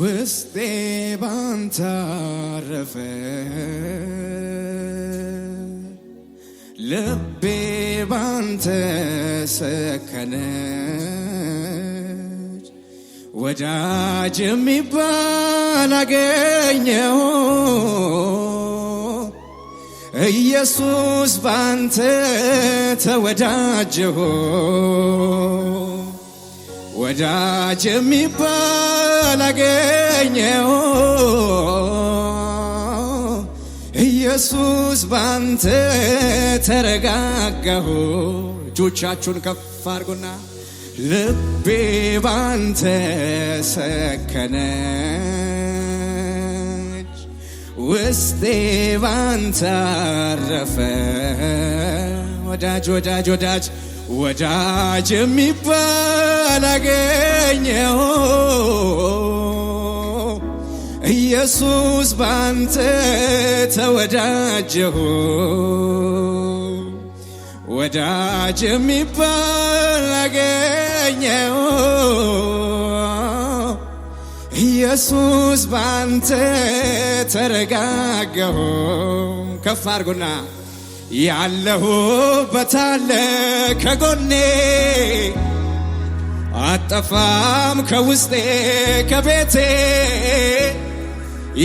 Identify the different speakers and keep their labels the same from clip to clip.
Speaker 1: ውስጤ ባንተ አረፈ ልቤ ባንተ ሰከነች ወዳጅ የሚባል አገኘሁ ኢየሱስ ባንተ ተወዳጀሁ ወዳጅ የሚባል አገኘው ኢየሱስ ባንተ ተረጋጋሁ። እጆቻችሁን ከፍ አድርጉና ልቤ ባንተ ሰከነች፣ ውስጤ ባንተ አረፈ። ወዳጅ ወዳጅ ወዳጅ ወዳጅ የሚባል አገኘው ኢየሱስ ባንተ ተወዳጀሁ ወዳጅ የሚባል አገኘው ኢየሱስ ባንተ ተረጋገሁ ከፍ አድርጉና ያለሁበት አለ ከጎኔ አጠፋም ከውስጤ ከቤቴ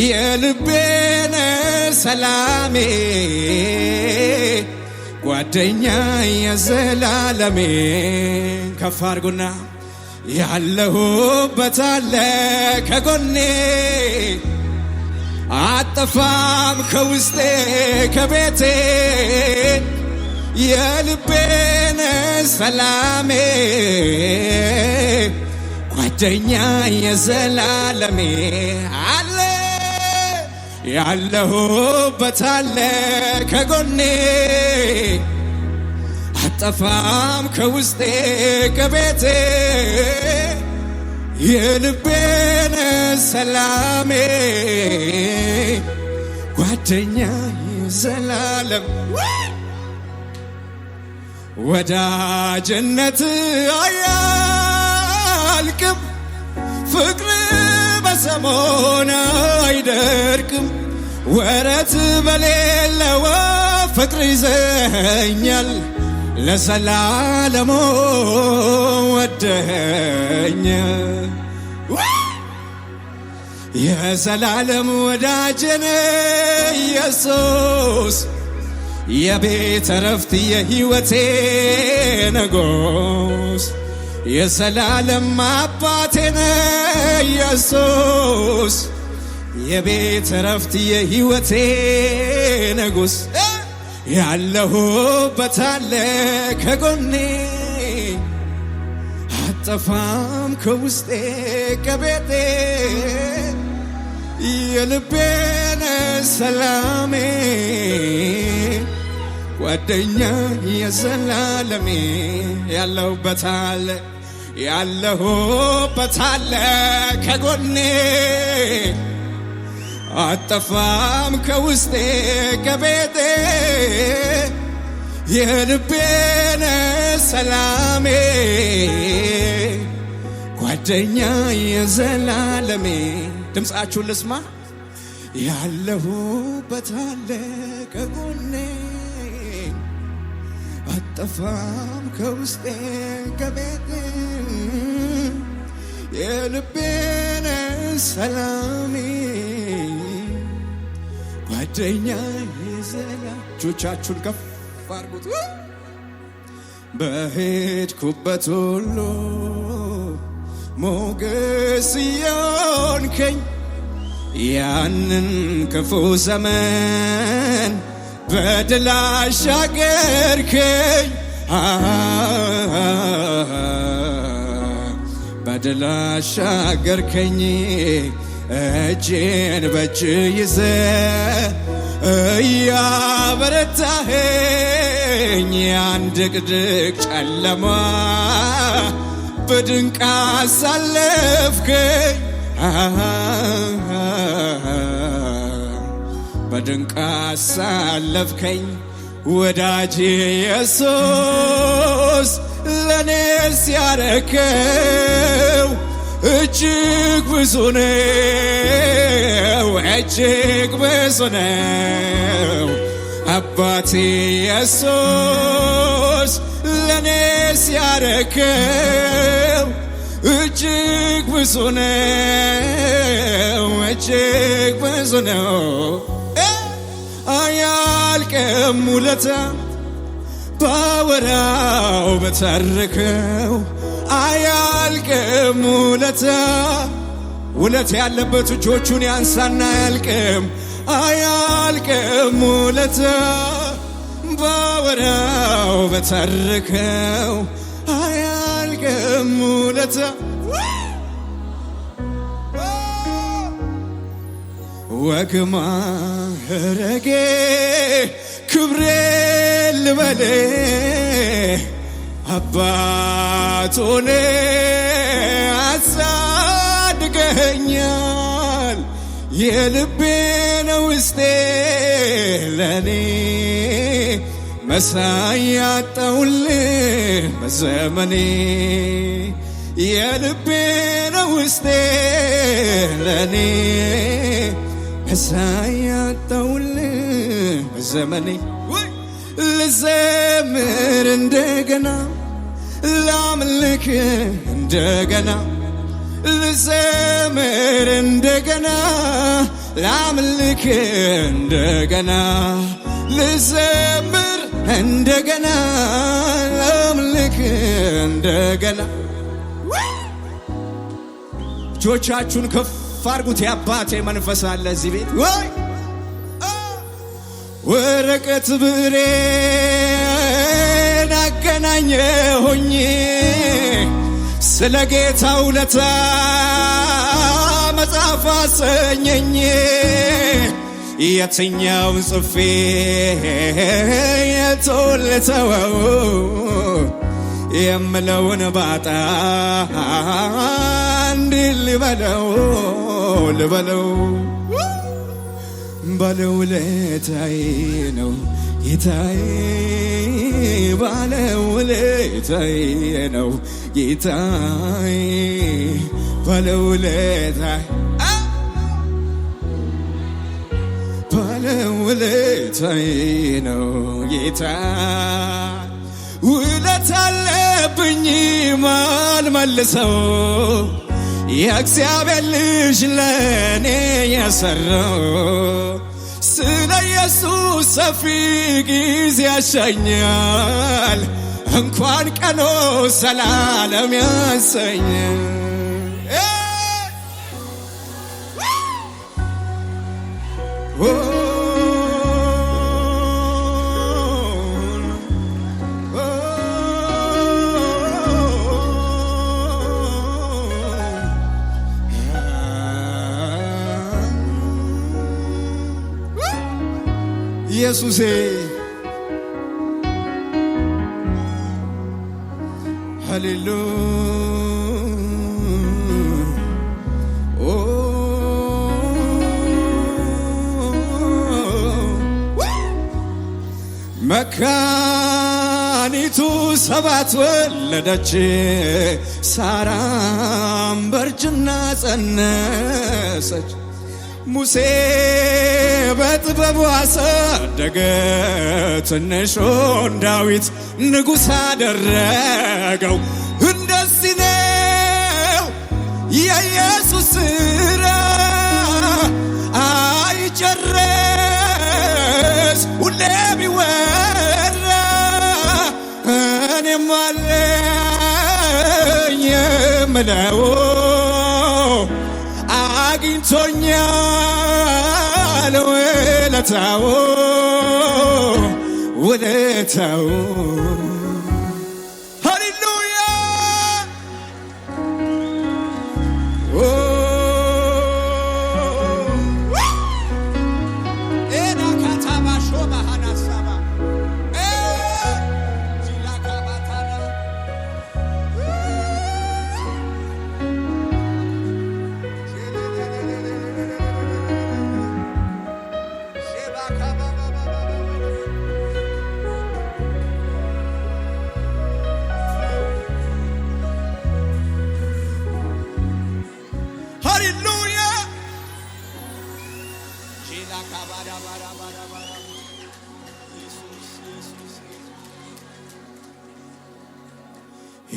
Speaker 1: የልቤነ ሰላሜ ጓደኛ የዘላለሜ ከፍ አርጉና ያለሁበት አለ ከጎኔ አጠፋም ከውስጤ ከቤቴ የልቤን ሰላሜ ጓደኛ የዘላለሜ አለ ያለሁበት አለ ከጎኔ አጠፋም ከውስጤ ከቤቴ የልቤን ሰላሜ ጓደኛ ዘላለም ወዳጅነት አያልቅም፣ ፍቅር በሰሞን አይደርቅም። ወረት በሌለው ፍቅር ይዘኛል ለዘላለሙ ወደኝ የዘላለም ወዳጅን ኢየሱስ የቤት እረፍት የሕይወቴ ንጉሥ የዘላለም አባቴን ኢየሱስ የቤት እረፍት የሕይወቴ ንጉሥ ያለሁበታለ አለ ከጎኔ አጠፋም ከውስጤ ከቤቴ የልቤን ሰላሜ ጓደኛ የዘላለሜ ያለሁበታል ያለሁበታል ከጎኔ አጠፋም ከውስጤ ከቤቴ የልቤነ ሰላሜ ጓደኛ የዘላለሜ ድምፃችሁን ልስማ ያለሁበት አለ ከጎኔ አጠፋም ከውስጤ ከቤቴ የልቤነ ሰላሜ ጓደኛ የዘላ እጆቻችሁን ከፍ ከፍ አድርጉት። በሄድኩበት ሁሉ ሞገስ የሆንከኝ ያንን ክፉ ዘመን በድል አሻገርከኝ በድል አሻገርከኝ እጄን በእጅ ይዘ እያበረታኸኝ ያን ድቅድቅ ጨለማ በድንቅ አሳለፍከኝ በድንቅ አሳለፍከኝ ወዳጅ ኢየሱስ ለእኔ ሲያረከው እጅግ ብዙ ነው፣ እጅግ ብዙ ነው አባቴ ኢየሱስ ለኔ ሲያረከው እጅግ ብዙ ነው፣ እጅግ ብዙ ነው አያልቅም ውለታ ባወራው በተርከው አያ አያልቅም ውለታ ውለት ያለበት እጆቹን ያንሳና አያልቅም አያልቅም ውለታ ባወራው በተርከው አያልቅም ውለታ ወግማ ህረጌ ክብሬ ልበሌ አባቶኔ ሰተኸኛል የልቤ ነው ውስጤ ለኔ መሳይ ያጣውል በዘመኔ የልቤ ነው ውስጤ ለኔ መሳይ ያጣውል በዘመኔ ልዘምር እንደገና ላምልክ እንደገና ልዘምር እንደገና ላምልክ እንደገና ልዘምር እንደገና ላምልክ እንደገና እጆቻችሁን ከፍ አድርጉት። የአባቴ መንፈስ አለ እዚህ ቤት ወይ ወረቀት ብሬን አገናኘ ስለ ጌታ ውለታ መጽሐፍ አሰኘኝ። የትኛውን ጽፌ የቱን የምለውን ባጣ አንድ ልበለው ልበለው ነው ጌታዬ ባለውለታዬ ነው ጌታዬ ባለውለታዬ ባለውለታዬ ነው ጌታ ውለት አለብኝ ማል ማልመልሰው የእግዚአብሔር ልጅ ለእኔ የሰራው ስለ ኢየሱስ ሰፊ ጊዜ ያሸኛል እንኳን ቀኖ ሰላለም ያሰኛል ኢየሱሴ ሀሌሉ መካኒቱ ሰባት ወለደች፣ ሳራም በእርጅና ጸነሰች። ሙሴ በጥበቡ አሳደገ ትንሹን ዳዊት ንጉሥ አደረገው። እንደዚህ ነው የኢየሱስ ሥራ አይጨረስ ሁሌ ቢወራ እኔም አለኝ አግኝቶኛል ውለታው ውለታው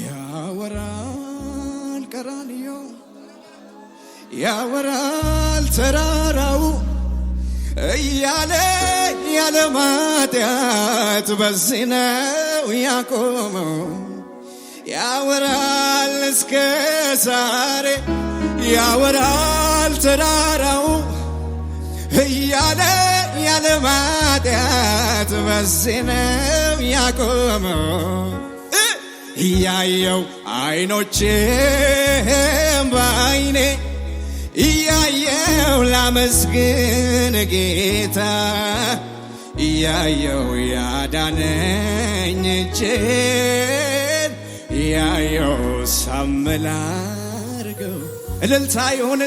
Speaker 1: ያወራል ቀራንዮ ያወራል ተራራው እያለ ያለ ማጥያት በዚህ ነው ያቆመው። ያወራል እስከ ዛሬ ያወራል ተራራው እያለ ያለ ማጥያት በዚህ ነው ያቆመው እያየው አይኖቼም በአይኔ እያየው ላመስግን ጌታ እያየው ያዳነኝ እጄን እያየው ሳምላርገው እልልታ የሆነ